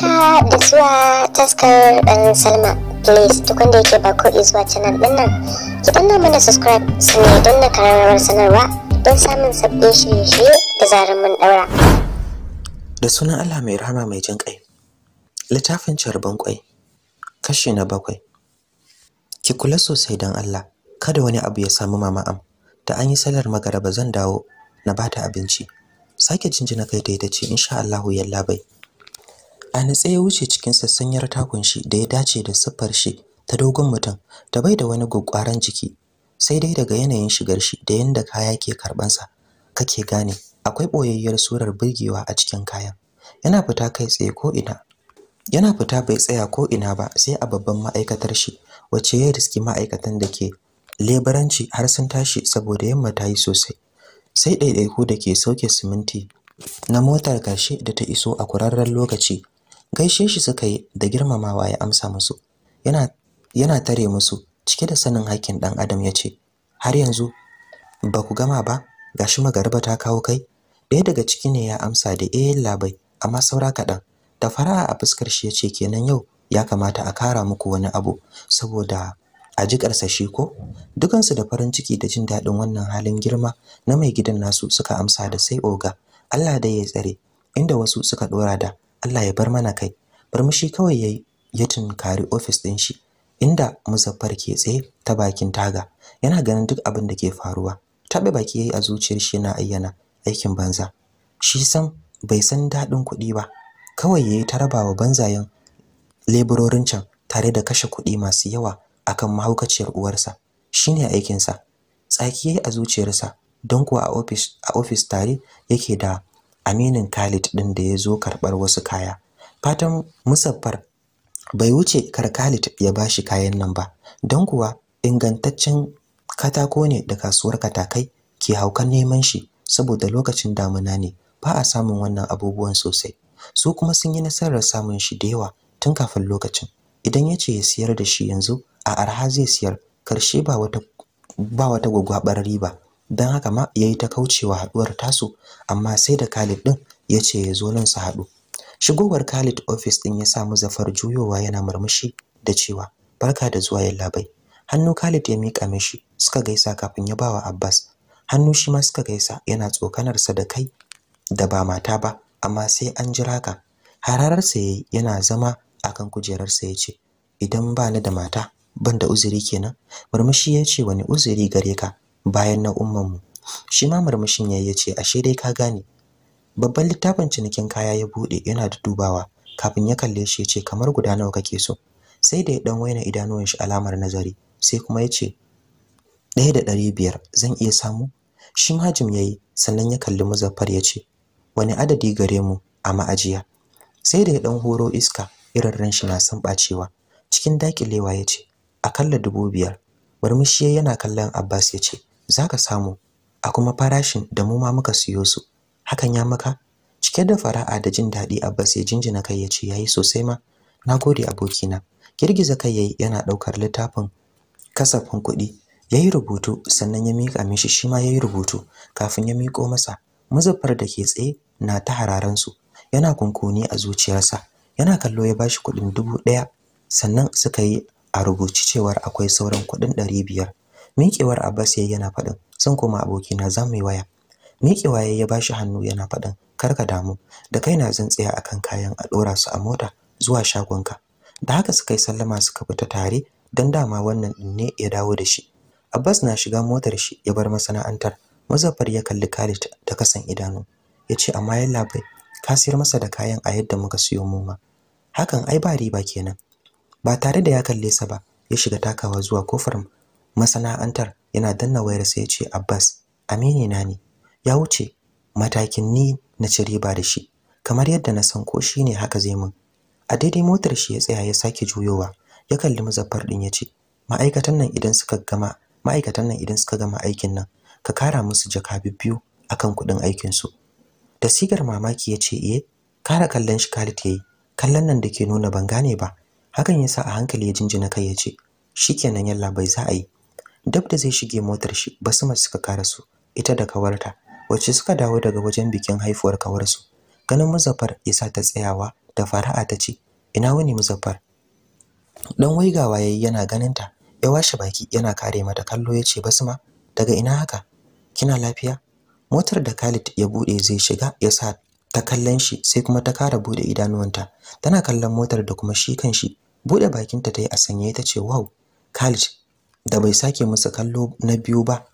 haka da zuwa taskar dan salma please duk wanda yake ba ko zuwa canal din nan ki danna mana subscribe su ne don na kararrawar sanarwa don samun sabbin shirye-shirye da zarar mun daura da sunan allah mai rahama mai jin kai littafin carban kwai kashi na bakwai ki kula sosai don allah kada wani abu ya samu mama am da an yi salar magaraba zan dawo na bata abinci sake jinjina kai ta ce insha allahu yallabai a nitse ya wuce cikin sassanyar takun shi da ya dace da siffar shi ta dogon mutum da bai da wani gwaggwaran jiki sai dai daga yanayin shigar shi da yanda kaya ke sa kake gane akwai boyayyar surar burgewa a cikin kayan yana fita kai tsaye ko ina yana fita bai tsaya ko ina ba sai a babban ma'aikatar shi wacce ya riski ma'aikatan da ke lebaranci har sun tashi saboda yamma ta yi sosai sai ɗaiɗaiku da ke sauke siminti na motar gashi da ta iso a kurarren lokaci gaishe shi suka yi da girmamawa ya amsa musu yana yana tare musu cike da sanin hakkin dan adam ya ce har yanzu ba ku gama ba gashi magariba ta kawo kai ɗaya daga ciki ne ya amsa da eh labai amma saura kaɗan da fara'a a fuskar shi ya ce kenan yau ya kamata a kara muku wani abu saboda a ji shi ko dukansu da farin ciki da jin daɗin wannan halin girma na mai gidan nasu suka amsa da sai oga Allah dai ya tsare inda wasu suka dora da Allah ya bar mana kai Barmushi kawai yayi ya tunkari office din shi inda Muzaffar ke tsaye ta bakin taga yana ganin duk abin da ke faruwa tabe baki yayi a zuciyar shi yana ayyana aikin banza shi san bai san dadin kuɗi ba kawai yayi ta rabawa banzayen leburorin can tare da kashe kuɗi masu yawa akan mahaukaciyar uwarsa shine aikinsa tsaki yayi a zuciyarsa don kuwa a office a office tare yake da aminin Khalid ɗin da ya zo karɓar wasu kaya fatan musaffar bai wuce kar Khalid ya ba shi kayan nan ba don kuwa ingantaccen katako ne da kasuwar katakai ke haukan neman shi saboda lokacin damuna ne ba a samun wannan abubuwan sosai su kuma sun yi nasarar samun shi da yawa tun kafin lokacin idan ya ce ya siyar da shi yanzu a arha zai siyar karshe ba wata ba wata gwagwabar riba dan haka ma ya yi ta kaucewa haduwar tasu amma sai da Khalid ɗin ya ce ya zo nan su hadu. Shigowar Khalid ofis ɗin ya sa Muzaffar juyowa yana murmushi da cewa barka da zuwa yallaɓai. Hannu Khalid ya mika mishi suka gaisa kafin ya bawa Abbas. Hannu shi ma suka gaisa yana tsokanarsa da kai da ba mata ba amma sai an jira ka. hararar ya yi yana zama akan kujerarsa ya ce idan ba ni da mata banda da uzuri kenan murmushi ya ce wani uzuri gare ka bayan na ummanmu shi ma murmushin yayi yace ashe dai ka gane babban littafin cinikin kaya ya bude yana da dubawa kafin ya kalle shi yace kamar guda nawa kake so sai da ya dan waina idanuwan shi alamar nazari sai kuma yace ɗaya da ɗari biyar zan iya samu shi ma Jim yayi sannan ya kalli Muzaffar yace wani adadi gare mu a ma'ajiya sai da ya dan horo iska irin ran shi na san bacewa cikin dakilewa yace akalla dubu biyar murmushi yana kallon Abbas yace za ka samu a kuma farashin da mu ma muka siyo su hakan ya maka cike da fara'a da jin daɗi abbas ya jinjina kai ya ce ya yi sosai ma Na gode abokina girgiza kai yayi yana ɗaukar littafin kasafin kuɗi Ya yi rubutu sannan ya mika mishi shi ma ya yi rubutu kafin ya miko masa mazafar da ke tsaye na ta hararansu yana kunkuni a zuciyarsa yana kallo ya bashi kuɗin dubu ɗaya sannan suka yi a rubuci cewar akwai sauran kuɗin ɗari biyar miƙewar Abbas yayi yana faɗin sun kuma abokina za mu yi waya miƙewa yayi ya bashi hannu yana faɗin kar ka damu da kai na zan tsaya akan kayan a ɗora su a mota zuwa shagonka da haka suka yi sallama suka fita tare don dama wannan din ne ya dawo da shi Abbas na shiga motar shi ya bar masana'antar Muzaffar ya kalli Khalid da kasan idanu ya ce amma yalla bai ka sayar masa da kayan a yadda muka siyo mu ma hakan ai ba riba kenan ba tare da ya kalle sa ba ya shiga takawa zuwa kofar masana'antar yana danna wayar sai ya ce Abbas amini na ne ya wuce matakin ni na ci riba da shi kamar yadda na san ko shine haka zai mun a daidai motar shi ya tsaya ya sake juyowa ya kalli muzaffar din ya ce ma'aikatan nan idan suka gama ma'aikatan nan idan suka gama aikin nan ka kara musu jaka biyu akan kuɗin aikin su da sigar mamaki ya ce iye eh, kara kallon shi Khalid yayi kallon nan da ke nuna ban gane ba hakan yasa a hankali ya jinjina kai ya ce shikenan yalla bai za a yi duk da zai shige motar shi basuma suka su ita da kawarta wacce suka dawo daga wajen bikin haifuwar kawar su? ganin muzaffar ya sa ta tsayawa da fara'a ta ce ina wani muzaffar dan waigawa yayi yana ganinta ya washe baki yana kare mata kallo ya ce basma daga ina haka kina lafiya motar da Khalid ya bude zai shiga ya sa ta kallon shi sai kuma ta kara bude idanuwanta tana kallon motar da kuma shi kanshi bude bakinta ta yi a sanye ta ce wow Khalid da bai sake musu kallo na biyu ba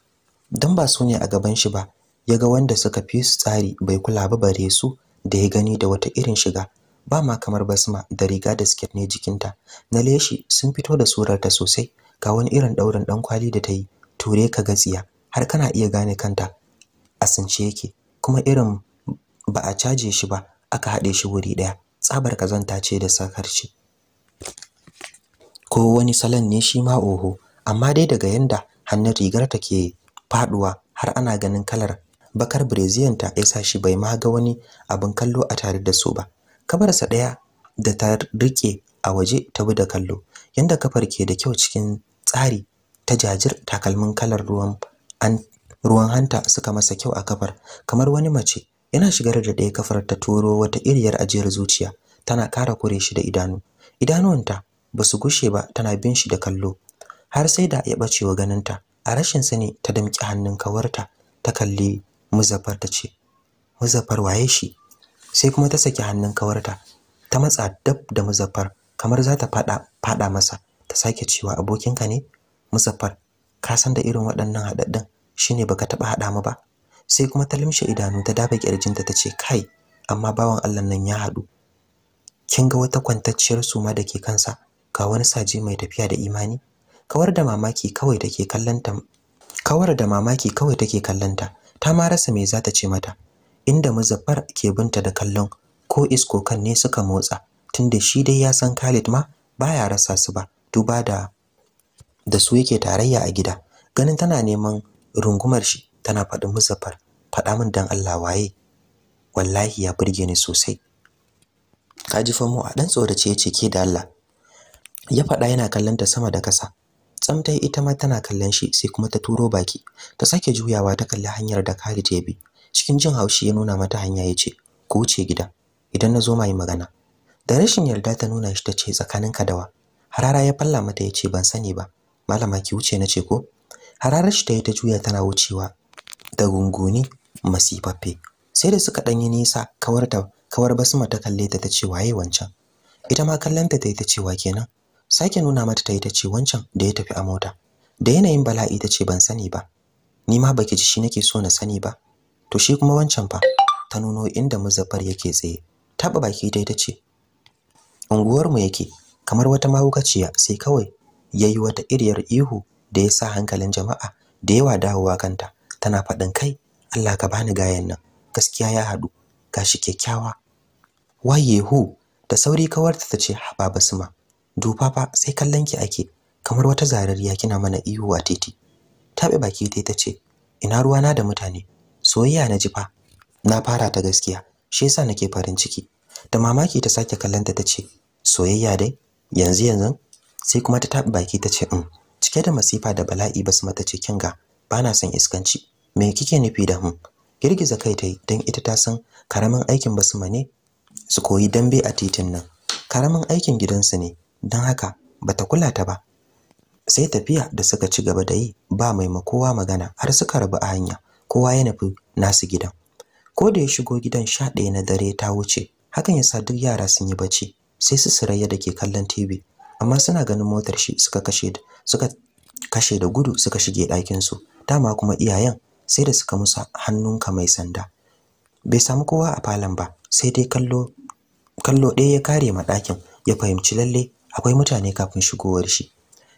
don ba su ne a gaban shi ba ya ga wanda suka fi su tsari bai kula ba bare su da ya gani da wata irin shiga ba ma kamar basma da riga da siket ne jikinta na leshi sun fito da surarta sosai ga wani irin daurin dan kwali da ta yi ture ka gatsiya har kana iya gane kanta a since yake kuma irin ba a caje shi ba aka haɗe shi wuri ɗaya tsabar kazanta ce da sakarci ko wani salon ne shi ma oho amma dai daga yanda hannun rigar ta ke faduwa har ana ganin kalar bakar brazilian ta yasa shi bai ma ga wani abin kallo a tare da su ba sa daya da ta rike a waje ta bi da kallo yanda kafar ke da kyau cikin tsari ta jajir takalmin kalar ruwan an ruwan hanta suka masa kyau a kafar kamar wani mace yana shigar da ɗaya kafar ta turo wata iriyar ajiyar zuciya tana kara kure shi da idanu idanuwanta ba su gushe ba tana bin shi da kallo har sai da ya bace wa ganinta a rashin sani ta damki hannun kawarta ta kalli muzaffar ta ce muzaffar waye shi sai kuma ta saki hannun kawarta ta matsa dab da muzaffar kamar za ta fada fada masa ta sake cewa abokinka ne muzaffar ka san da irin waɗannan haɗaɗɗun shine baka taɓa haɗa mu ba sai kuma ta limshe idanu ta dafa ƙirjinta ta ce kai amma bawan Allah nan ya haɗu kin ga wata kwantacciyar suma da ke kansa ga wani saji mai tafiya da imani kawar da mamaki kawai take kallanta kawar da mamaki kawai take kallanta ta ma rasa me za ta ce mata inda muzaffar ke binta da kallon ko isko kan ne suka motsa tunda shi dai ya san Khalid ma baya rasa su ba duba da da su yake tarayya a gida ganin tana neman rungumar shi tana faɗin muzaffar faɗa min dan Allah waye wallahi ya burge ni sosai kaji fa mu a dan tsorace yace ke da Allah ya faɗa yana kallon ta sama da kasa tsamtai ita ma tana kallon shi sai kuma ta turo baki ta sake juyawa ta kalli hanyar da Khalid ya bi cikin jin haushi ya nuna mata hanya ya ce ku wuce gida idan na zo mai magana da rashin yarda ta nuna shi ta ce ka da wa harara ya falla mata ya ce ban sani ba malama ki wuce na ce ko hararar shi ta yi ta juya tana wucewa da gunguni masifaffe sai da suka ɗanyi nisa kawar ta kawar basma ta kalle ta ta ce waye wancan ita ma kallon ta ta yi ta cewa kenan sake nuna mata ta yi ta ce wancan da ya tafi a mota da yanayin bala'i ta ce ban sani ba ni ma baki ji shi nake so na sani ba to shi kuma wancan fa ta nuno inda muzaffar yake tsaye taɓa baki dai ta ce unguwar mu yake kamar wata mahaukaciya sai kawai yayi wata iriyar ihu da ya sa hankalin jama'a da yawa dawowa kanta tana faɗin kai Allah ka bani gayan nan gaskiya ya haɗu gashi kyakkyawa Hu da sauri kawarta ta ce haba basuma dufa fa sai kallon ki ake kamar wata zarariya kina mana iyo a titi tabe baki tai tace ina ruwa na da mutane soyayya na ji fa na fara ta gaskiya shi yasa nake farin ciki da mamaki ta sake kallon ta tace soyayya dai yanzu yanzu sai kuma ta tabe baki tace um mm, cike da masifa da bala'i basu mata ce kinga bana son iskanci me kike nufi da hun hmm? girgiza kai tai dan ita ta san karamin aikin basma ne su koyi dambe a titin nan karamin aikin gidansu ne don haka bata kula ta ba sai tafiya da suka ci gaba da yi ba mai makowa magana har suka rabu a hanya kowa ya nufi nasu gidan ko da ya shigo gidan sha ɗaya na dare ta wuce hakan ya sa duk yara sun yi bacci sai su siraya da ke kallon tv amma suna ganin motar shi suka kashe suka kashe da gudu suka shige ɗakin su dama kuma iyayen sai da suka musa hannun ka mai sanda bai samu kowa a falon ba sai dai kallo kallo ɗaya ya kare ma ɗakin ya fahimci lalle akwai mutane kafin shigowar shi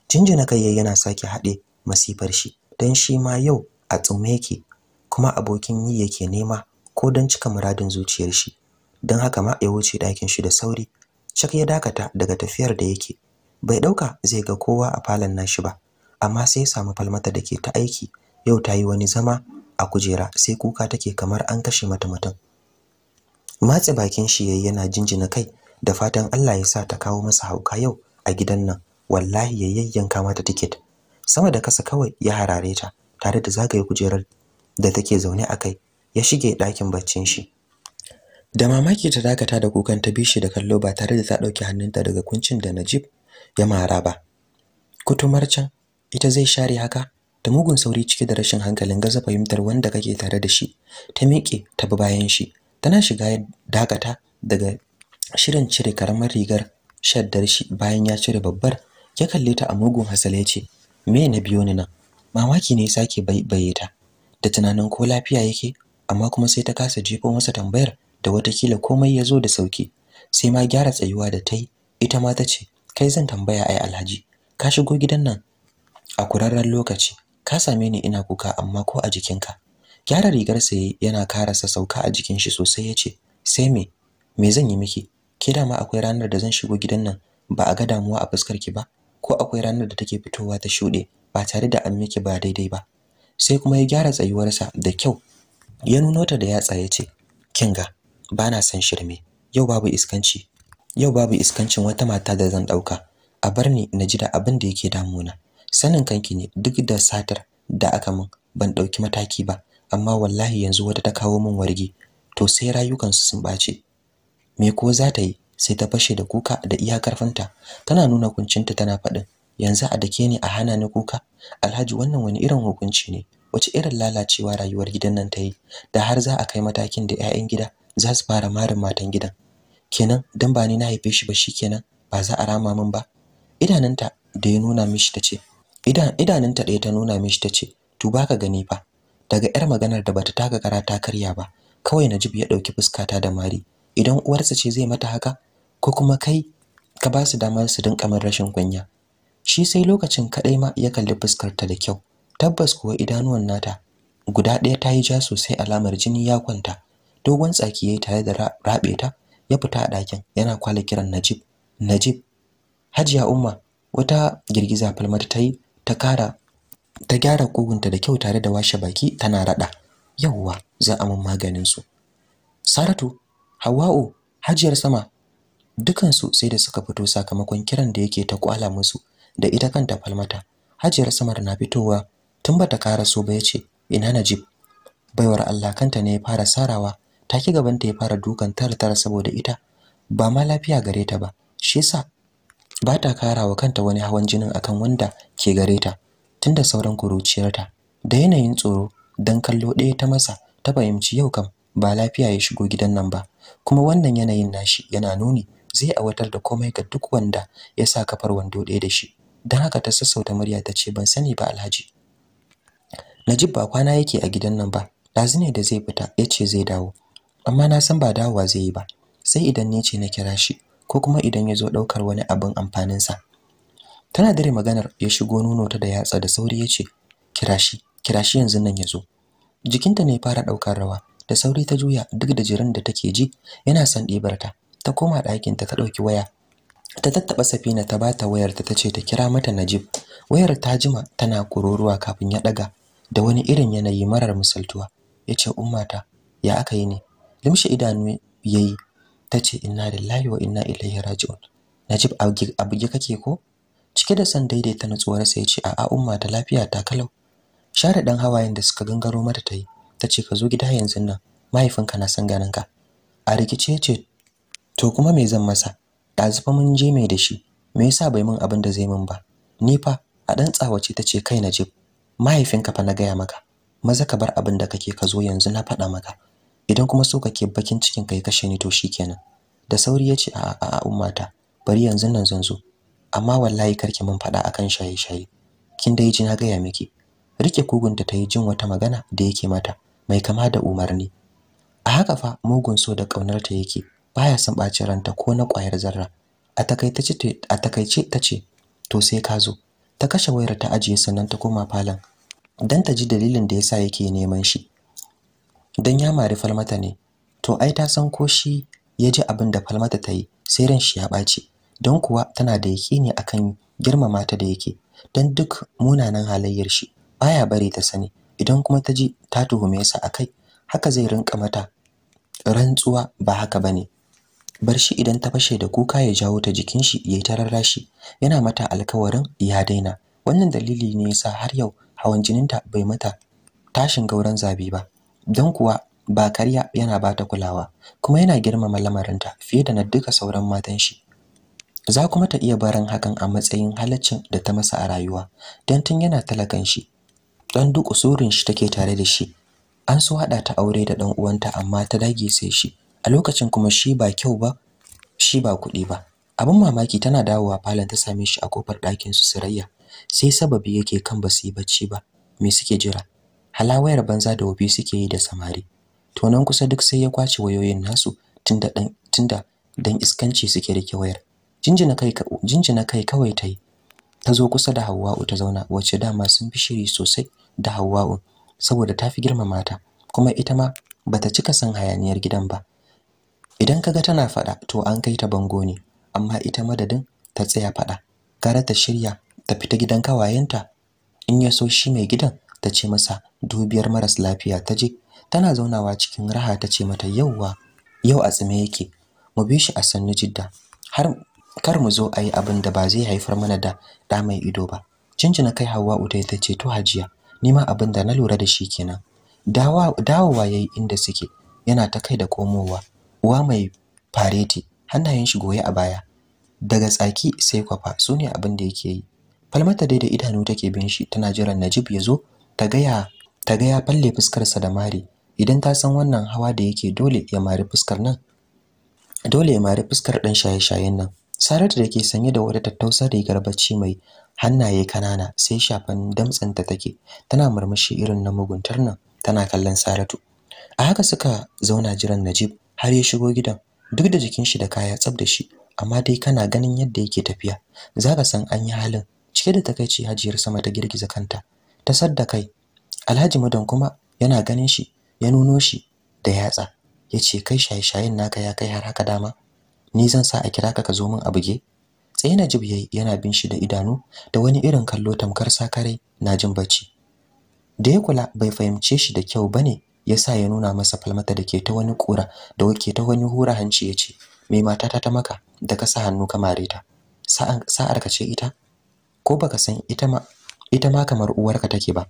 jinjina kai yana sake hade masifar shi dan shi ma yau a tsume yake kuma abokin yi yake nema ko don cika muradin zuciyar shi don haka ma ya wuce dakin shi da sauri Cak ya dakata daga tafiyar da yake bai dauka zai ga kowa a falon nashi ba amma sai ya samu falmata da ke ta aiki yau ta yi wani zama a kujera sai kuka take kamar an kashe mata mutum matse bakin shi yayi yana jinjina kai da fatan Allah ya sa ta kawo masa hauka yau a gidan nan wallahi ya yayyanka mata tiket sama da kasa kawai ya harare ta tare da zagaye kujerar da take zaune a kai ya shige ɗakin baccin shi da mamaki ta dakata da kukan ta bishi da kallo ba tare da ta ɗauki hannunta daga kuncin da Najib ya mara ba kutumar can ita zai share haka da mugun sauri cike da rashin hankalin gaza fahimtar wanda kake tare da shi ta miƙe ta bi bayan shi tana shiga dakata daga shirin cire karamar rigar shaddar shi bayan ya cire babbar ya kalle ta a mugun hasala ya ce me na biyo ni nan mamaki ne ya sake baibaye ta da tunanin ko lafiya yake amma kuma sai ta kasa jefo masa tambayar da watakila komai ya zo da sauki sai ma gyara tsayuwa da ta yi ita ma ta ce kai zan tambaya ai alhaji ka shigo gidan nan a kurarren lokaci ka same ni ina kuka amma ko a jikinka gyara rigar sa yana karasa sauka a jikin shi sosai ya ce sai me me zan yi miki ke ma akwai ranar da zan shigo gidan nan ba a ga damuwa a fuskar ki ba ko akwai ranar da take fitowa ta shuɗe ba tare da an miki ba daidai ba sai kuma ya gyara tsayuwarsa da kyau ya nuno ta da yatsa ya ce kinga bana son shirme yau babu iskanci yau babu iskancin wata mata da zan ɗauka. a bar ni na ji da abin da yake na. sanin kanki ne duk da satar da aka min ban ɗauki mataki ba amma wallahi yanzu wata ta kawo min wargi to sai rayukansu sun bace me ko za ta yi sai ta fashe da kuka da iya karfinta tana nuna kuncinta tana faɗin yanzu a dake ni a hana ni kuka alhaji wannan wani irin hukunci ne wace irin lalacewa rayuwar gidan nan ta yi da har za a kai matakin da 'ya'yan gida za su fara marin matan gidan kenan dan ba ni na haife shi ba shikenan ba za a rama min ba idanunta da ya nuna mishi tace idan idanunta da ta nuna mishi tace to baka gani fa daga yar maganar da bata taka karata karya ba kawai Najib ya dauki fuskata da mari idan uwarsa ce zai mata haka ko kuma kai ka ba su damar su dinka min rashin kunya shi sai lokacin kadai ma ya kalli fuskar ta da kyau tabbas kuwa idanuwan nata guda ɗaya ta yi ja sosai alamar jini ya kwanta dogon tsaki yayi tare da rabe ta ya fita a ɗakin yana kwala kiran Najib Najib Hajiya Umma wata girgiza falmar ta yi ta kara ta gyara kugunta da kyau tare da washe baki tana rada yauwa za a mun maganin su Saratu Hawa'u, Hajiyar Sama dukansu sai da suka fito sakamakon kiran da yake ta kwala musu da ita kanta falmata. Hajiyar Samar na fitowa tun bata so ba ce. ina Najib baiwar Allah kanta ne ya fara sarawa ta take gabanta ya fara dukan tarar saboda ita ba ma lafiya gare ta ba shi yasa ba ta karawa kanta wani hawan jinin akan wanda ke gare ta tunda sauran kuruciyarta da yanayin tsoro dan kallo ɗaya ta masa ta fahimci yau kam ba lafiya ya shigo gidan nan ba kuma wannan yanayin nashi yana nuni zai awatar da komai ga duk wanda ya sa kafar wando ɗaya da shi don haka ta sassauta murya ta ce ban sani ba alhaji najib ba kwana yake a gidan nan ba ɗazu ne da zai fita ya ce zai dawo amma na san ba dawowa zai yi ba sai idan ne ce na kira shi ko kuma idan ya zo ɗaukar wani abin amfaninsa tana dare maganar ya shigo nono ta da yatsa da sauri ya ce kira shi kira shi yanzu nan ya zo jikinta ne fara ɗaukar rawa da sauri ta juya duk da jirin da take ji yana son ɗibarta. ta koma ɗakinta ta ɗauki waya ta tattaɓa safina ta bata wayarta ta ce ta kira mata najib wayar ta jima tana kururuwa kafin ya ɗaga da wani irin yanayi marar misaltuwa ya ce ummata ya aka yi ne limshi idanu ya yi ta ce inna lillahi wa inna ilaihi raji'un najib abuge kake ko cike da son daidaita natsuwarsa ya ce a'a ummata lafiya ta kalau share dan hawayen da suka gangaro mata ta yi tace ka zo gida yanzu nan mahaifinka na san ganinka. a rikice ce to kuma me zan masa ɗazu fa mun je mai da shi me yasa bai min abin da zai min ba ni fa a dan tsawace ta ce kai na jib mahaifinka fa na gaya maka maza ka bar abin da kake ka zo yanzu na faɗa maka idan kuma so kake bakin cikin kai kashe ni to shikenan da sauri yace a a a ummata bari yanzu nan zan zo amma wallahi karki mun faɗa akan shaye shaye kin dai ji na gaya miki rike kugunta ta yi jin wata magana da yake mata mai kama da umarni a haka fa mugun so da kaunar ta yake baya son ɓaci ranta ko na ƙwayar zarra a takaice a takaice tace to sai ka zo ta kashe wayar ta ajiye sannan ta koma falon dan ta ji dalilin da yasa yake neman shi dan ya mari falmata ne to ai ta san ko shi ya ji abin da falmata ta yi sai ran shi ya ɓaci don kuwa tana da yaƙini akan girmama ta da yake don duk munanan halayyar shi baya bari ta sani idan kuma ta ji ta tuhume sa akai haka zai rinka mata rantsuwa ba haka bane bar shi idan ta fashe da kuka ya jawo ta jikin shi yayi ta rarrashi yana mata alkawarin ya daina wannan dalili ne yasa har yau hawan jininta bai mata tashin gauran zabi ba don kuwa ba karya yana bata kulawa kuma yana girmama lamarinta fiye da na duka sauran matan shi za kuma ta iya barin hakan a matsayin halaccin da ta masa a rayuwa don tun yana talakan shi dan duk usurin shi take tare da shi an so hada ta aure da dan uwanta amma ta dage sai shi a lokacin kuma shi ba kyau ba shi ba kuɗi ba abin mamaki tana dawowa falon ta same shi a kofar ɗakin su Sirayya sai sababi yake kan ba su yi bacci ba me suke jira halawayar banza da wabi suke yi da samari to nan kusa duk sai ya kwace wayoyin nasu tunda dan tunda dan iskanci suke rike wayar jinjina kai jinjina kai kawai tai ta zo kusa da Hauwa ta zauna wace dama sun fi shiri sosai da Hauwa'u saboda ta fi girmama ta kuma ita ma bata cika san hayaniyar gidan ba idan kaga tana fada to an kai ta bango ne amma ita madadin ta tsaya fada gara ta shirya ta fita gidan kawayenta in ya so shi mai gidan ta ce masa dubiyar maras lafiya ta je tana zaunawa cikin raha ta ce mata yauwa yau a tsime yake mu bi shi a sannu jidda har kar mu zo a yi abin da ba zai haifar mana da da mai ido ba cincina kai hawa ta ce to hajiya nima abin da na lura da shi kenan dawowa yayi inda suke yana ta kai da komowa uwa mai fareti hannayen shi goye a baya daga tsaki sai kwafa su ne abin da yake yi falmata dai da idanu take bin shi tana jiran najib ya zo ta gaya ta ga falle fuskarsa da mari idan ta san wannan hawa da yake dole ya mari fuskar nan dole ya mari fuskar ɗan shaye-shayen nan Saratu da ke sanye da wata tattausar rigar bacci mai hannaye kanana sai shafan ta take tana murmushi irin na muguntar nan tana kallon Saratu a haka suka zauna jiran Najib har ya shigo gidan duk da jikin shi da kaya tsab da shi amma dai kana ganin yadda yake tafiya zaka san an yi halin cike da takaici hajiyar sama ta girgiza kanta ta sadda kai Alhaji Madan kuma yana ganin shi ya nuno shi da yatsa yace kai shaye-shayen naka ya kai har haka dama ni zan sa a kira ka ka zo min a buge tsaye Najib yayi yana bin shi da idanu da wani irin kallo tamkar sakarai na jin bacci da ya kula bai fahimce shi da kyau bane yasa ya nuna masa falmata da ke ta wani kura da wake ta wani hura hanci yace me matata ta maka da ka sa hannu ka mare ta sa'ar ka ce ita ko baka san ita ma ita ma kamar uwarka take ba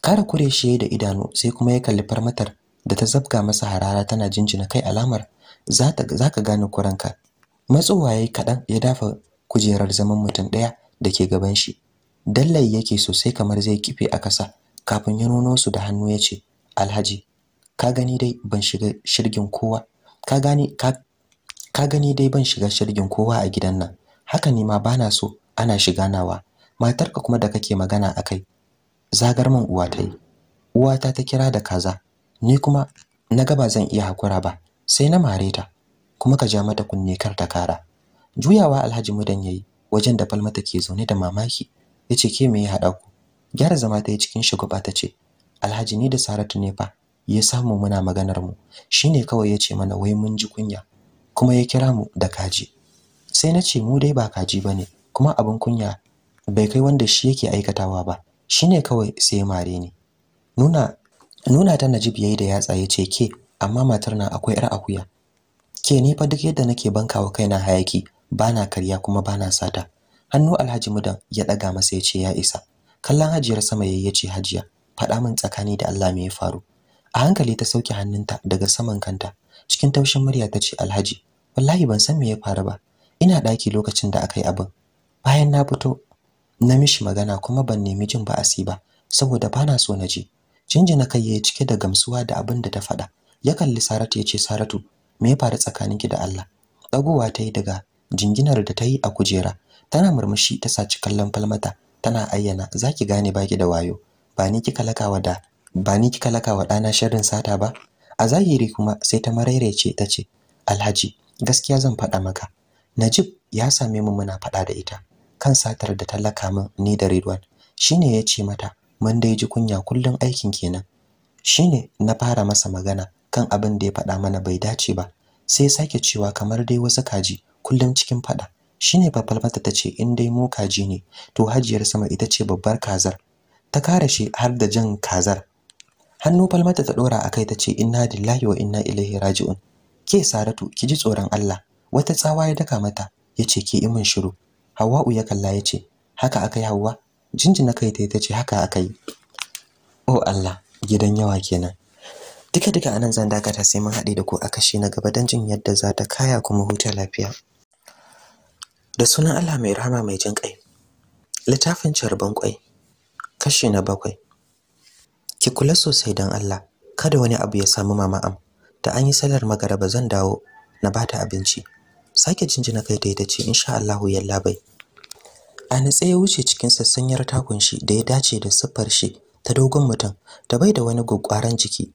kara kure shi da idanu sai kuma ya kalli farmatar da ta zabga masa harara tana jinjina kai alamar za ka gane kuranka matsowa yi kaɗan ya dafa kujerar zaman mutum ɗaya da ke gaban shi dallai yake sosai kamar zai kife a ƙasa kafin ya nuno su da hannu ya ce alhaji ka gani dai ban shiga shirgin kowa ka gani ka ka gani dai ban shiga shirgin kowa a gidan nan haka ne ma bana so ana shiga nawa matarka kuma da kake magana akai zagar man uwa ta yi. uwata ta kira da kaza ni kuma na ga ba zan iya hakura ba sai na mare ta kuma ka ja mata kunne kar ta kara juyawa alhaji mudan yayi wajen da falmata ke zaune da mamaki yace ke me ya hada ku gyara zama ta yi cikin shugaba ta ce alhaji ni da saratu ne fa ya samu muna maganar mu shine kawai yace mana wai mun ji kunya kuma ya kira mu da kaji sai na ce mu dai ba kaji bane kuma abin kunya bai kai wanda shi yake aikatawa ba shine kawai sai mare ni nuna nuna ta Najib yayi da yatsa yace ke amma matar nan akwai yar akuya ke ni fa duk yadda nake wa kaina hayaki bana karya kuma bana sata hannu Alhaji Mudan ya daga masa ya ce ya isa kallon Hajiyar sama yayi ya Hajiya faɗa min tsakani da Allah me ya faru a hankali ta sauke hannunta daga saman kanta cikin taushin murya ta ce Alhaji wallahi ban san me ya faru ba ina daki lokacin da akai abin bayan na fito na mishi magana kuma ban nemi jin ba asiba saboda bana so na jinjina kai yayi cike da gamsuwa da abin da ta faɗa ya kalli Saratu ya ce Saratu me ya faru tsakanin ki da Allah dagowa ta yi daga jinginar da ta yi a kujera tana murmushi ta saci kallon falmata tana ayyana zaki gane baki da wayo ba ni kika lakawa da ba ni kika lakawa dana sharrin sata ba a zahiri kuma sai ta mararece ta ce Alhaji gaskiya zan faɗa maka Najib ya same mu muna faɗa da ita kan satar da ta laka min ni da Ridwan shine ya ce mata mun dai ji kunya kullun aikin kenan shine na fara masa magana kan abin da ya faɗa mana bai dace ba sai sake cewa kamar dai wasu kaji kullum cikin faɗa shine babbar mata ta ce in dai mu kaji ne to hajiyar sama ita ce babbar kazar ta kare shi har da jan kazar hannu falmata ta dora akai ta ce inna lillahi wa inna ilaihi raji'un ke saratu ki ji tsoron Allah wata tsawa ya daka mata yace ki imin shiru hawa'u ya kalla yace haka akai hawa jinjina kai ta ce haka akai oh Allah gidan yawa kenan duka duka anan zan dakata sai mun haɗe da ku a kashe na gaba don jin yadda za ta kaya kuma huta lafiya da sunan Allah mai rahama mai jin ƙai littafin carban ƙwai kashi na bakwai ki kula sosai don Allah kada wani abu ya samu mama am da an yi salar magaraba zan dawo na bata abinci sake jinjina kai ta ce insha Allahu yalla bai a natse ya wuce cikin sassanyar takun shi da ya dace da siffar shi ta dogon mutum ta bai da wani gwaggwaran jiki